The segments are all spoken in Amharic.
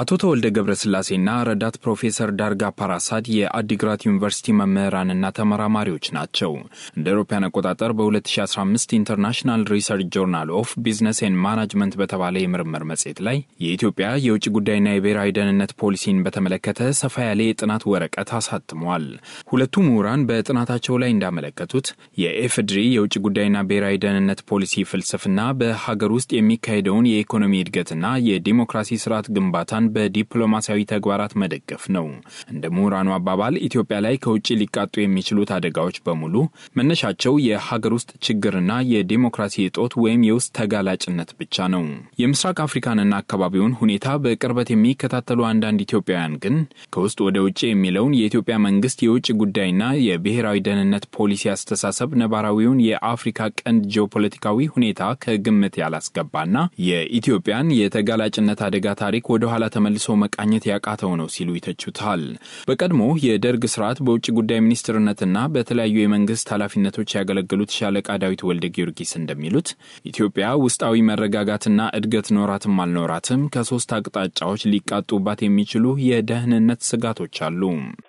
አቶ ተወልደ ገብረስላሴና ረዳት ፕሮፌሰር ዳርጋ ፓራሳድ የአዲግራት ዩኒቨርሲቲ መምህራንና ተመራማሪዎች ናቸው። እንደ አውሮፓውያን አቆጣጠር በ2015 ኢንተርናሽናል ሪሰርች ጆርናል ኦፍ ቢዝነስ ኤንድ ማናጅመንት በተባለ የምርምር መጽሔት ላይ የኢትዮጵያ የውጭ ጉዳይና የብሔራዊ ደህንነት ፖሊሲን በተመለከተ ሰፋ ያለ የጥናት ወረቀት አሳትመዋል። ሁለቱ ምሁራን በጥናታቸው ላይ እንዳመለከቱት የኤፍድሪ የውጭ ጉዳይና ብሔራዊ ደህንነት ፖሊሲ ፍልስፍና በሀገር ውስጥ የሚካሄደውን የኢኮኖሚ እድገትና የዲሞክራሲ ስርዓት ግንባታን ኢትዮጵያን በዲፕሎማሲያዊ ተግባራት መደገፍ ነው። እንደ ምሁራኑ አባባል ኢትዮጵያ ላይ ከውጭ ሊቃጡ የሚችሉት አደጋዎች በሙሉ መነሻቸው የሀገር ውስጥ ችግርና የዴሞክራሲ እጦት ወይም የውስጥ ተጋላጭነት ብቻ ነው። የምስራቅ አፍሪካንና አካባቢውን ሁኔታ በቅርበት የሚከታተሉ አንዳንድ ኢትዮጵያውያን ግን ከውስጥ ወደ ውጭ የሚለውን የኢትዮጵያ መንግስት የውጭ ጉዳይና የብሔራዊ ደህንነት ፖሊሲ አስተሳሰብ ነባራዊውን የአፍሪካ ቀንድ ጂኦፖለቲካዊ ሁኔታ ከግምት ያላስገባና የኢትዮጵያን የተጋላጭነት አደጋ ታሪክ ወደኋላ ተመልሶ መቃኘት ያቃተው ነው ሲሉ ይተቹታል። በቀድሞ የደርግ ስርዓት በውጭ ጉዳይ ሚኒስትርነትና በተለያዩ የመንግስት ኃላፊነቶች ያገለገሉት ሻለቃ ዳዊት ወልደ ጊዮርጊስ እንደሚሉት ኢትዮጵያ ውስጣዊ መረጋጋትና እድገት ኖራትም አልኖራትም ከሶስት አቅጣጫዎች ሊቃጡባት የሚችሉ የደህንነት ስጋቶች አሉ።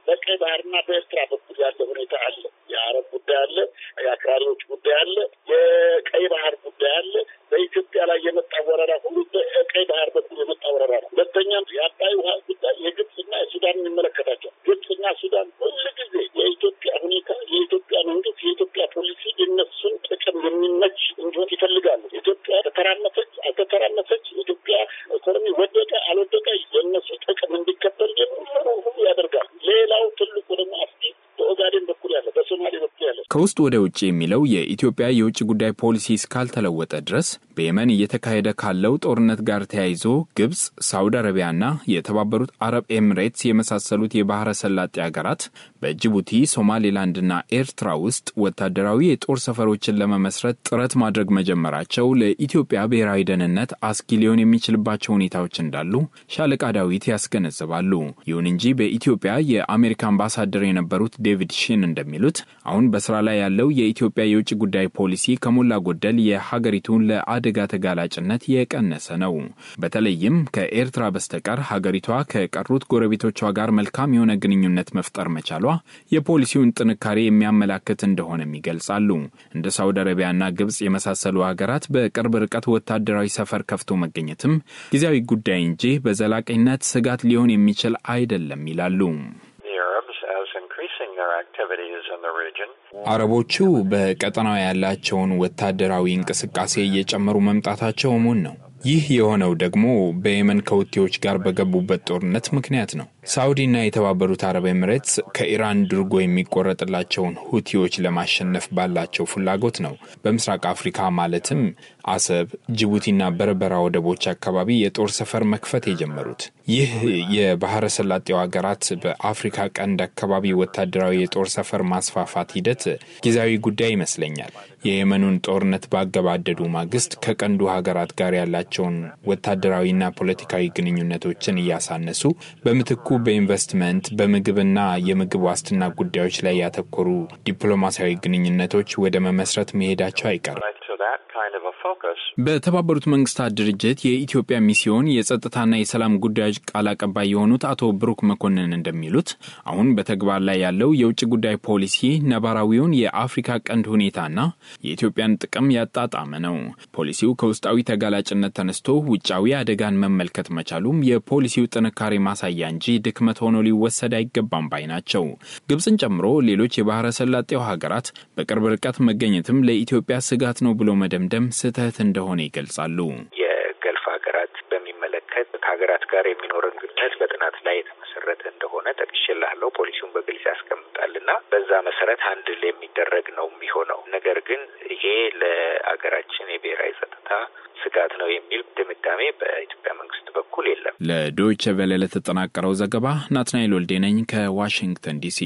በቀይ ባህርና በኤርትራ በኩል ያለ ሁኔታ አለ። የአረብ ጉዳይ አለ። የአክራሪዎች ጉዳይ አለ፣ የቀይ ባህር ጉዳይ አለ። በኢትዮጵያ ላይ የመጣ ወረራ ሁሉ በቀይ ባህር በኩል የመጣ ወረራ ነው። ሁለተኛም የአባይ ውሃ ጉዳይ የግብፅና የሱዳን የሚመለከታል ከውስጥ ወደ ውጭ የሚለው የኢትዮጵያ የውጭ ጉዳይ ፖሊሲ እስካልተለወጠ ድረስ በየመን እየተካሄደ ካለው ጦርነት ጋር ተያይዞ ግብፅ፣ ሳውዲ አረቢያና የተባበሩት አረብ ኤምሬትስ የመሳሰሉት የባህረ ሰላጤ ሀገራት በጅቡቲ፣ ሶማሌላንድና ኤርትራ ውስጥ ወታደራዊ የጦር ሰፈሮችን ለመመስረት ጥረት ማድረግ መጀመራቸው ለኢትዮጵያ ብሔራዊ ደህንነት አስጊ ሊሆን የሚችልባቸው ሁኔታዎች እንዳሉ ሻለቃ ዳዊት ያስገነዝባሉ። ይሁን እንጂ በኢትዮጵያ የአሜሪካ አምባሳደር የነበሩት ዴቪድ ሺን እንደሚሉት አሁን በስራ ላይ ያለው የኢትዮጵያ የውጭ ጉዳይ ፖሊሲ ከሞላ ጎደል የሀገሪቱን ለአደ የአደጋ ተጋላጭነት የቀነሰ ነው። በተለይም ከኤርትራ በስተቀር ሀገሪቷ ከቀሩት ጎረቤቶቿ ጋር መልካም የሆነ ግንኙነት መፍጠር መቻሏ የፖሊሲውን ጥንካሬ የሚያመላክት እንደሆነም ይገልጻሉ። እንደ ሳውዲ አረቢያና ግብጽ የመሳሰሉ ሀገራት በቅርብ ርቀት ወታደራዊ ሰፈር ከፍቶ መገኘትም ጊዜያዊ ጉዳይ እንጂ በዘላቂነት ስጋት ሊሆን የሚችል አይደለም ይላሉ። አረቦቹ በቀጠናው ያላቸውን ወታደራዊ እንቅስቃሴ እየጨመሩ መምጣታቸው እሙን ነው። ይህ የሆነው ደግሞ በየመን ከውቴዎች ጋር በገቡበት ጦርነት ምክንያት ነው። ሳውዲና የተባበሩት አረብ ኤምሬትስ ከኢራን ድርጎ የሚቆረጥላቸውን ሁቲዎች ለማሸነፍ ባላቸው ፍላጎት ነው በምስራቅ አፍሪካ ማለትም አሰብ፣ ጅቡቲና በርበራ ወደቦች አካባቢ የጦር ሰፈር መክፈት የጀመሩት። ይህ የባህረ ሰላጤው ሀገራት በአፍሪካ ቀንድ አካባቢ ወታደራዊ የጦር ሰፈር ማስፋፋት ሂደት ጊዜያዊ ጉዳይ ይመስለኛል። የየመኑን ጦርነት ባገባደዱ ማግስት ከቀንዱ ሀገራት ጋር ያላቸውን ወታደራዊና ፖለቲካዊ ግንኙነቶችን እያሳነሱ በምትኩ በኢንቨስትመንት በምግብና የምግብ ዋስትና ጉዳዮች ላይ ያተኮሩ ዲፕሎማሲያዊ ግንኙነቶች ወደ መመስረት መሄዳቸው አይቀርም። በተባበሩት መንግስታት ድርጅት የኢትዮጵያ ሚስዮን የጸጥታና የሰላም ጉዳዮች ቃል አቀባይ የሆኑት አቶ ብሩክ መኮንን እንደሚሉት አሁን በተግባር ላይ ያለው የውጭ ጉዳይ ፖሊሲ ነባራዊውን የአፍሪካ ቀንድ ሁኔታና የኢትዮጵያን ጥቅም ያጣጣመ ነው። ፖሊሲው ከውስጣዊ ተጋላጭነት ተነስቶ ውጫዊ አደጋን መመልከት መቻሉም የፖሊሲው ጥንካሬ ማሳያ እንጂ ድክመት ሆኖ ሊወሰድ አይገባም ባይ ናቸው። ግብፅን ጨምሮ ሌሎች የባህረ ሰላጤው ሀገራት በቅርብ ርቀት መገኘትም ለኢትዮጵያ ስጋት ነው ብሎ መደምደ ለመደምደም ስህተት እንደሆነ ይገልጻሉ። የገልፍ ሀገራት በሚመለከት ከሀገራት ጋር የሚኖረን ግንኙነት በጥናት ላይ የተመሰረተ እንደሆነ ጠቅሼልሃለሁ። ፖሊሲውን በግልጽ ያስቀምጣል እና በዛ መሰረት አንድል የሚደረግ ነው የሚሆነው። ነገር ግን ይሄ ለሀገራችን የብሔራዊ ጸጥታ ስጋት ነው የሚል ድምዳሜ በኢትዮጵያ መንግስት በኩል የለም። ለዶይቸ ቬለ ለተጠናቀረው ዘገባ ናትናኤል ወልዴ ነኝ ከዋሽንግተን ዲሲ።